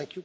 Thank you.